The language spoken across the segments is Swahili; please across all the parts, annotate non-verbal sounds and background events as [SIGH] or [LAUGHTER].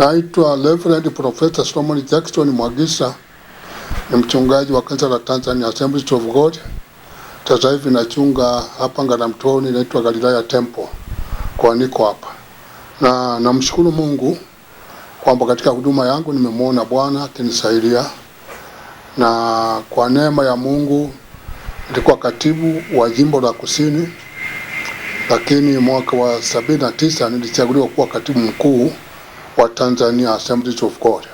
Naitwa Reverend Professor Solomon Jackson Mwagisa, ni mchungaji wa kanisa la Tanzania Assemblies of God. Sasa hivi nachunga hapa Ngaramtoni, naitwa Galilaya Temple, kwa niko hapa na namshukuru Mungu kwamba katika huduma yangu nimemwona Bwana akinisaidia, na kwa neema ya Mungu nilikuwa katibu wa jimbo la Kusini, lakini mwaka wa sabini na tisa nilichaguliwa kuwa katibu mkuu kwa Tanzania Assemblies of God,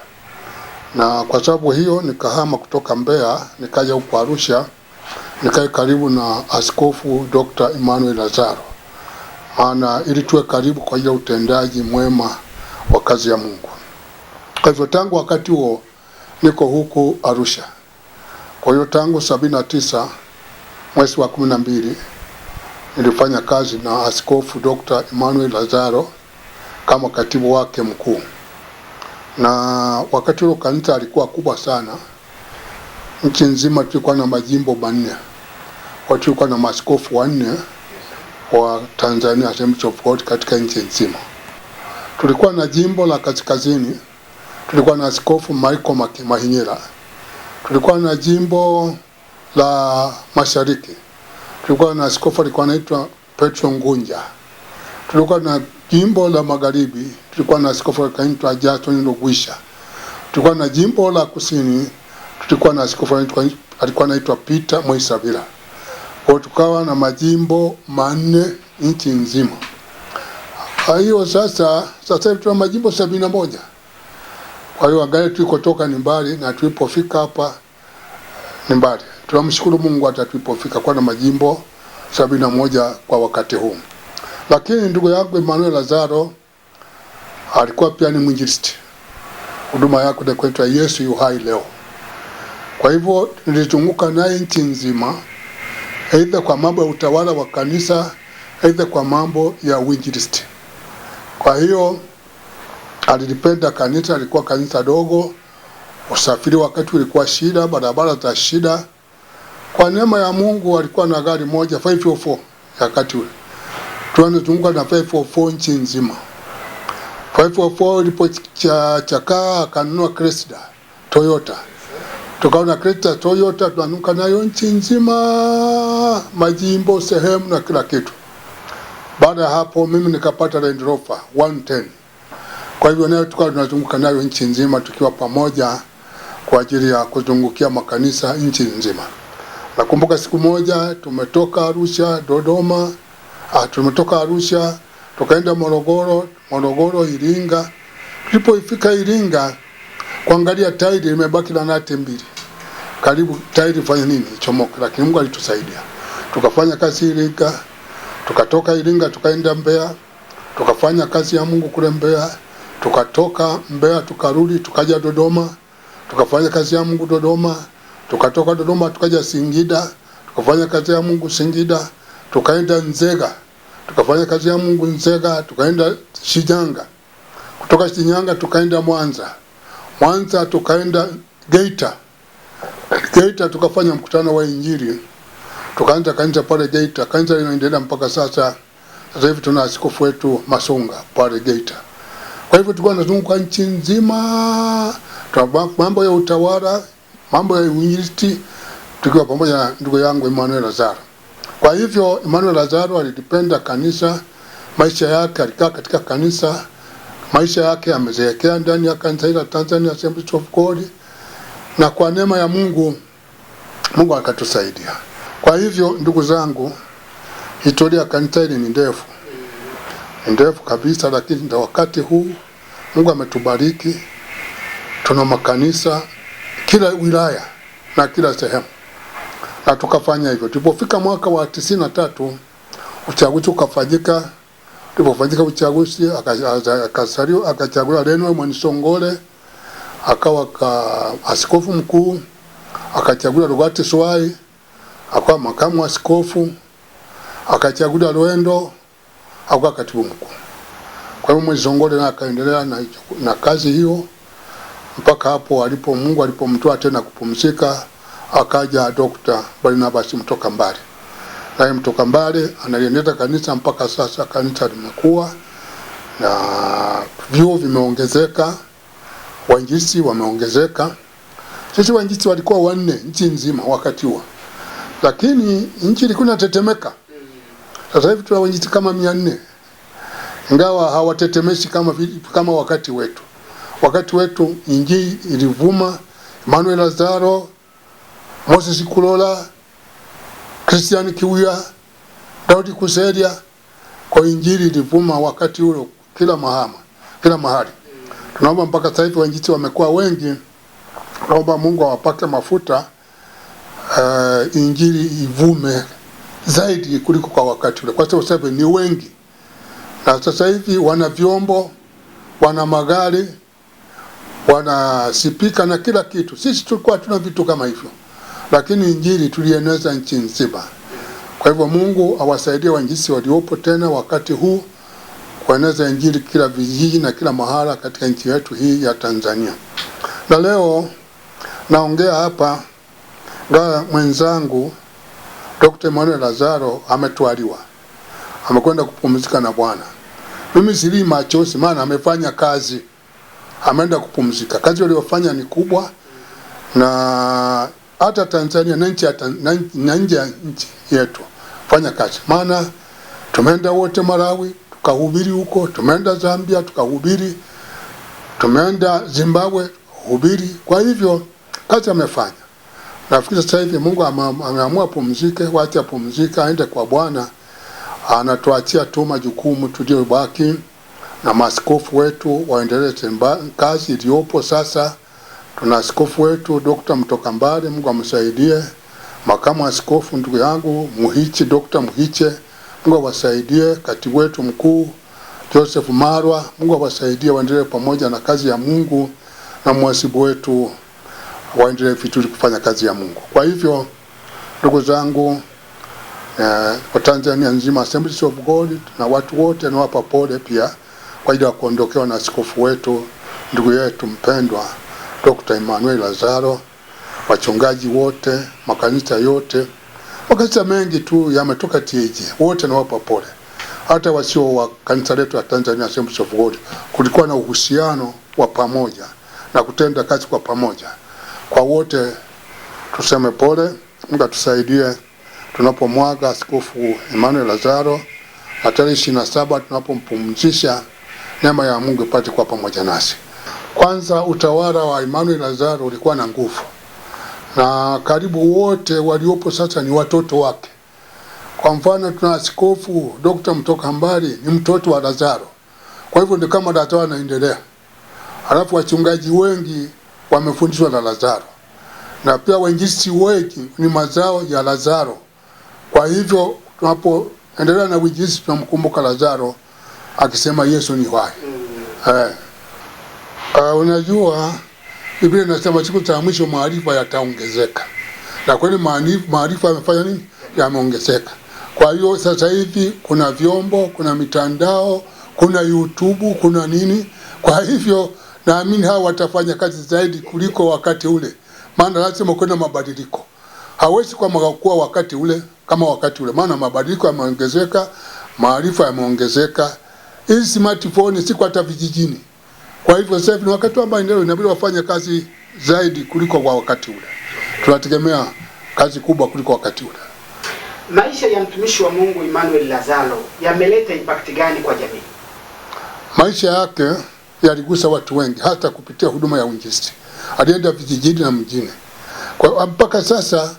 na kwa sababu hiyo nikahama kutoka Mbeya nikaja huko Arusha, nikae karibu na Askofu Dr. Emmanuel Lazaro, maana ili tuwe karibu kwa ajili ya utendaji mwema wa kazi ya Mungu. Kwa hivyo tangu wakati huo niko huku Arusha. Kwa hiyo tangu sabini na tisa mwezi wa kumi na mbili nilifanya kazi na Askofu Dr. Emmanuel Lazaro kama katibu wake mkuu, na wakati huo kanisa alikuwa kubwa sana nchi nzima. Tulikuwa na majimbo manne, tulikuwa na maskofu wanne wa Tanzania Assembly of God katika nchi nzima. Tulikuwa na jimbo la kaskazini, tulikuwa na askofu Michael Mahinyera. Tulikuwa na jimbo la mashariki, tulikuwa na askofu alikuwa anaitwa Petro Ngunja. Tulikuwa na jimbo la magharibi tulikuwa na askofu anaitwa Justin Rugwisha. Tulikuwa na jimbo la kusini tulikuwa na askofu alikuwa anaitwa Peter Mwisabila. Kwa tukawa na majimbo manne nchi nzima. Kwa hiyo sasa sasa hivi tuna majimbo sabini na moja. Kwa hiyo angalia tulikotoka ni mbali na tulipofika hapa ni mbali. Tunamshukuru Mungu hata tulipofika kwa na majimbo sabini na moja kwa wakati huu. Lakini ndugu yangu Emmanuel Lazaro alikuwa pia ni mwinjilisti, huduma yake ndio kuitwa Yesu yu hai leo. Kwa hivyo nilizunguka naye nchi nzima, aidha kwa mambo ya utawala wa kanisa, aidha kwa mambo ya uinjilisti. Kwa hiyo alilipenda kanisa, alikuwa kanisa dogo, usafiri wakati ulikuwa shida, barabara za shida. Kwa neema ya Mungu alikuwa na gari moja 504 wakati ule tunazunguka na 544 nchi nzima. 544 chaka akanunua Cresta Toyota, tukaona Cresta Toyota tunazunguka nayo nchi nzima, majimbo, sehemu na kila kitu. Baada ya hapo mimi nikapata Land Rover 110. Kwa hivyo nayo tukawa tunazunguka nayo nchi nzima tukiwa pamoja kwa ajili ya kuzungukia makanisa nchi nzima. Nakumbuka siku moja tumetoka Arusha, Dodoma Ah, tumetoka Arusha tukaenda Morogoro, Morogoro Iringa. Tulipofika Iringa kuangalia tairi imebaki na nate mbili karibu tairi fanya nini chomoka, lakini Mungu alitusaidia tukafanya kazi Iringa, tukatoka Iringa tukaenda Mbeya, tukafanya kazi ya Mungu kule Mbeya, tukatoka Mbeya tukarudi, tukaja Dodoma, tukafanya kazi ya Mungu Dodoma, tukatoka Dodoma tukaja Singida, tukafanya kazi ya Mungu Singida, tukaenda Nzega tukafanya kazi ya Mungu Nzega, tukaenda Shinyanga, kutoka Shinyanga tukaenda Mwanza, Mwanza tukaenda Geita, Geita tukafanya mkutano wa Injili, tukaanza kanisa pale Geita. Kanisa linaendelea mpaka sasa. Sasa hivi tuna askofu wetu Masunga pale Geita. Kwa hivyo tulikuwa tunazunguka nchi nzima, mambo ya utawala, mambo ya uinjilisti, tukiwa pamoja na ndugu yangu Emmanuel Lazaro. Kwa hivyo Emmanuel Lazaro alilipenda kanisa, maisha yake alikaa katika kanisa, maisha yake amezeekea ndani ya kanisa la Tanzania Assemblies of God, na kwa neema ya Mungu, Mungu akatusaidia. Kwa hivyo ndugu zangu, historia ya kanisa hili ni ndefu, ni ndefu kabisa, lakini ndio wakati huu Mungu ametubariki, tuna makanisa kila wilaya na kila sehemu na tukafanya hivyo. Tulipofika mwaka wa tisini na tatu uchaguzi ukafanyika. Tulipofanyika uchaguzi akasaliwa, akachaguliwa Lenwe Mwanisongole akawa ka askofu mkuu, akachaguliwa Rugati Swai akawa makamu askofu, akachaguliwa Lwendo akawa katibu mkuu. Kwa hiyo Mwanisongole naye akaendelea na, na kazi hiyo mpaka hapo alipo Mungu alipomtoa tena kupumzika akaja Dokta Barnabas Mtoka Mtokambale. Naye Mtoka Mtokambale analiendeza kanisa mpaka sasa, kanisa limekuwa na vyuo vimeongezeka, wainjisi wameongezeka. Sisi wainjisi walikuwa wanne nchi nzima wakati huo, lakini nchi ilikuwa inatetemeka. Sasa hivi tuna wainjisi kama mia nne ingawa hawatetemeshi kama, kama wakati wetu. Wakati wetu injili ilivuma, Emmanuel Lazaro Moses Kulola, Christian Kiwia, Daudi Kuseria. Kwa injili ilivuma wakati ule kila mahama, kila mahali. Tunaomba mpaka sasa hivi wamekuwa wengi, naomba Mungu awapake mafuta uh, injili ivume zaidi kuliko kwa wakati ule, kwa sababu ni wengi na sasa hivi wana vyombo, wana magari, wana sipika na kila kitu. Sisi tulikuwa hatuna vitu kama hivyo lakini injili tulieneza nchi nzima. Kwa hivyo Mungu awasaidie wanjisi waliopo tena wakati huu kueneza injili kila vijiji na kila mahala katika nchi yetu hii ya Tanzania. Na leo naongea hapa na mwenzangu Dr. Manuel Lazaro ametwaliwa, amekwenda kupumzika na Bwana. Mimi sili machozi, maana amefanya kazi, ameenda kupumzika. Kazi aliyofanya ni kubwa na hata Tanzania na nchi na nje ya nchi yetu fanya kazi, maana tumeenda wote Malawi tukahubiri huko, tumeenda Zambia tukahubiri, tumeenda Zimbabwe hubiri. Kwa hivyo kazi amefanya. Nafikiri sasa hivi Mungu ameamua pumzike wacha apumzike, aende kwa Bwana. Anatuachia tu majukumu baki na maskofu wetu waendelee kazi iliyopo sasa. Tuna askofu wetu dokta Mtoka Mbale, Mungu amsaidie. Makamu askofu ndugu yangu Muhichi, Dokta Muhiche, Mungu awasaidie. Katibu wetu mkuu Joseph Marwa, Mungu awasaidie waendelee pamoja na kazi ya Mungu, na mwasibu wetu waendelee vizuri kufanya kazi ya Mungu. Kwa hivyo ndugu zangu eh, wa Tanzania nzima Assemblies of God na watu wote nawapa pole pia kwa ajili ya kuondokewa na askofu wetu ndugu yetu mpendwa Dr. Emmanuel Lazaro, wachungaji wote, makanisa yote, makanisa mengi tu yametoka TAG, wote nawapa pole, hata wasio wa kanisa letu la Tanzania Assemblies of God. Kulikuwa na uhusiano wa pamoja na kutenda kazi kwa pamoja. Kwa wote tuseme pole, Mungu atusaidie tunapomwaga Askofu Emmanuel Lazaro na tarehe ishirini na saba tunapompumzisha, neema ya Mungu ipate kwa pamoja nasi. Kwanza utawala wa Emmanuel Lazaro ulikuwa na nguvu, na karibu wote waliopo sasa ni watoto wake. Kwa mfano tuna askofu Dr. mbali ni mtoto wa Lazaro, kwa hivyo ndio kama Lazaro anaendelea. Alafu wachungaji wengi wamefundishwa na Lazaro, na pia wainjilisti wengi ni mazao ya Lazaro. Kwa hivyo tunapoendelea na uinjilisti tunamkumbuka Lazaro akisema Yesu ni hai. mm. eh. Uh, unajua Biblia inasema siku za mwisho maarifa yataongezeka, na kweli maarifa yamefanya nini? Yameongezeka. Kwa hiyo sasa hivi kuna vyombo, kuna mitandao, kuna YouTube, kuna nini. Kwa hivyo naamini hawa watafanya kazi zaidi kuliko wakati ule, maana lazima kuna mabadiliko. Hawezi kwa kuwa wakati ule kama wakati ule, maana mabadiliko yameongezeka, maarifa yameongezeka. Hizi smartphone siku hata vijijini kwa hivyo sasa ni wakati wa maendeleo, inabidi wafanye kazi zaidi kuliko kwa wakati ule. Tunategemea kazi kubwa kuliko wakati ule. Maisha ya mtumishi wa Mungu Emmanuel Lazaro yameleta impact gani kwa jamii? Maisha yake yaligusa watu wengi, hata kupitia huduma ya uinjilisti. Alienda vijijini na mjini, kwa mpaka sasa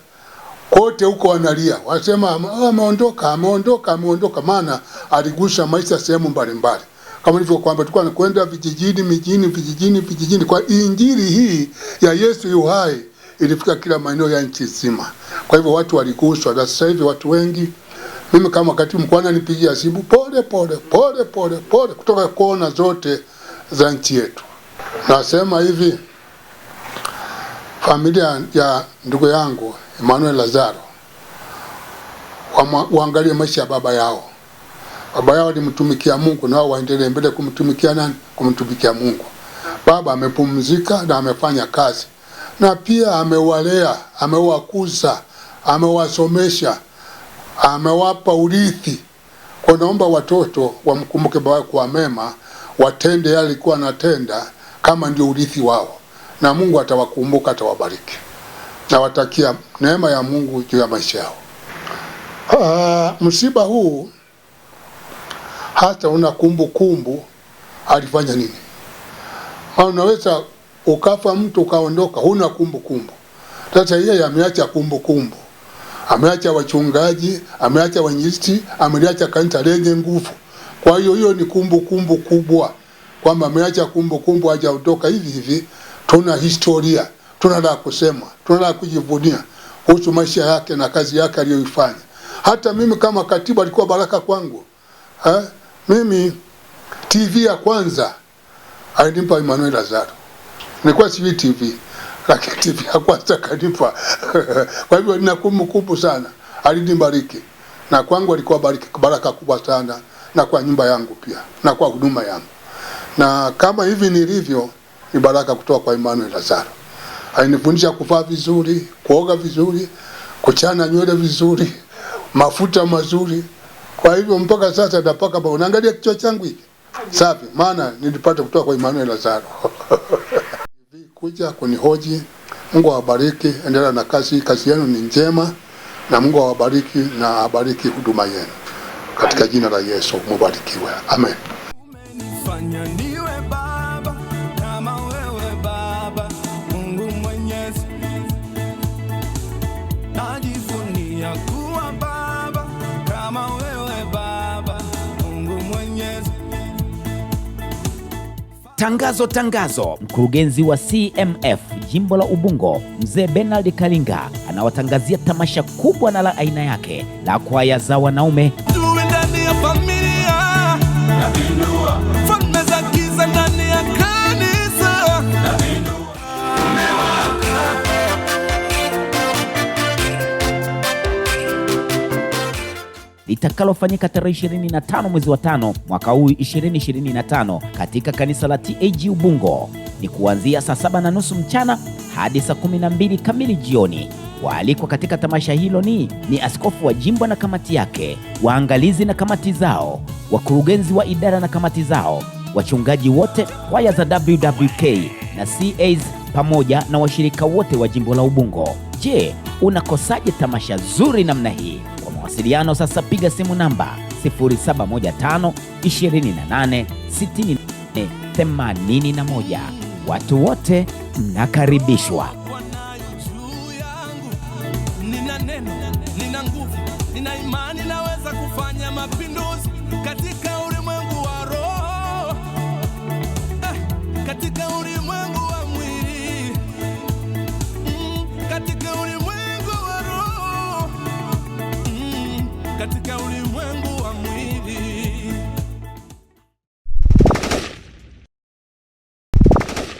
kote huko wanalia, wasema ameondoka, ameondoka, ameondoka, maana aligusa maisha sehemu mbalimbali kama kwamba tulikuwa nakwenda vijijini, mijini, vijijini, vijijini, kwa injili hii ya Yesu yu hai ilifika kila maeneo ya nchi nzima. Kwa hivyo watu waliguswa, na sasa hivi watu wengi mimi kama wakati mkuu ananipigia simu pole pole pole pole pole kutoka kona zote za nchi yetu. Nasema hivi, familia ya ndugu yangu Emmanuel Lazaro, waangalie maisha ya baba yao baba yao alimtumikia Mungu, nao waendelee mbele kumtumikia nani? Kumtumikia Mungu. Baba amepumzika na amefanya kazi, na pia amewalea, amewakuza, amewasomesha, amewapa urithi. Kwa naomba watoto wamkumbuke baba kwa mema, watende yale alikuwa anatenda, kama ndio urithi wao, na Mungu atawakumbuka, atawabariki. Nawatakia neema ya Mungu juu ya maisha yao. Uh, msiba huu hata una kumbukumbu kumbu, alifanya nini. Maana unaweza ukafa mtu ukaondoka huna kumbukumbu. Sasa yeye ameacha kumbukumbu, ameacha wachungaji, ameacha wanyisti, ameacha kanisa lenye nguvu. Kwa hiyo hiyo ni kumbukumbu kumbu kubwa kwamba ameacha kumbukumbu, hajaondoka hivi hivi. Tuna historia, tuna la kusema, tuna la kujivunia kuhusu maisha yake na kazi yake aliyoifanya. Hata mimi kama katibu alikuwa baraka kwangu eh? Mimi TV ya kwanza alinipa Emmanuel Lazaro, nilikuwa sijui TV lakini [LAUGHS] TV ya kwanza kanipa. [LAUGHS] Kwa hivyo nina kumbukumbu sana, alinibariki na kwangu alikuwa bariki, baraka kubwa sana, na kwa nyumba yangu pia na kwa huduma yangu, na kama hivi nilivyo ni baraka kutoka kwa Emmanuel Lazaro. Alinifundisha kuvaa vizuri, kuoga vizuri, kuchana nywele vizuri, mafuta mazuri kwa hivyo mpaka sasa napaka pa, unaangalia kichwa changu hiki. Safi, maana nilipata kutoka kwa Emmanuel Lazaro. [LAUGHS] Kuja kunihoji. Mungu awabariki, endelea na kazi, kazi yenu ni njema na Mungu awabariki na abariki huduma yenu. Katika jina la Yesu mubarikiwe. Amen. Umenifanya niwe baba kama wewe baba Mungu Mwenyezi. Najivunia Tangazo tangazo, mkurugenzi wa CMF jimbo la Ubungo mzee Bernard Kalinga anawatangazia tamasha kubwa na la aina yake la kwaya za wanaume litakalofanyika tarehe 25 mwezi wa tano mwaka huu 2025 katika kanisa la TAG Ubungo ni kuanzia saa saba na nusu mchana hadi saa 12 kamili jioni. Waalikwa katika tamasha hilo ni ni askofu wa jimbo na kamati yake, waangalizi na kamati zao, wakurugenzi wa idara na kamati zao, wachungaji wote, kwaya za WWK na CAs pamoja na washirika wote wa jimbo la Ubungo. Je, unakosaje tamasha zuri namna hii? mawasiliano sasa, piga simu namba 0715 28 68 81. Watu wote mnakaribishwa. katika ulimwengu wa roho, eh, katika ulimwengu